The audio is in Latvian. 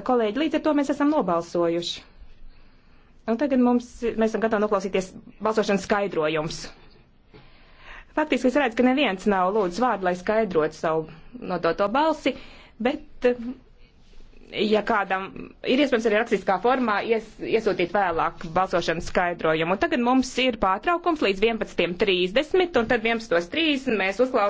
Kolēģi, līdz ar to mēs esam nobalsojuši. Un tagad mums, mēs esam gatavi noklausīties balsošanas skaidrojums. Faktiski es redzu, ka neviens nav lūdzu vārdu, lai skaidrotu savu nodoto balsi, bet, ja kādam ir iespējams arī rakstiskā formā ies, iesūtīt vēlāk balsošanas skaidrojumu. Un tagad mums ir pārtraukums līdz 11.30, un tad 11.30 mēs uzklausīsim.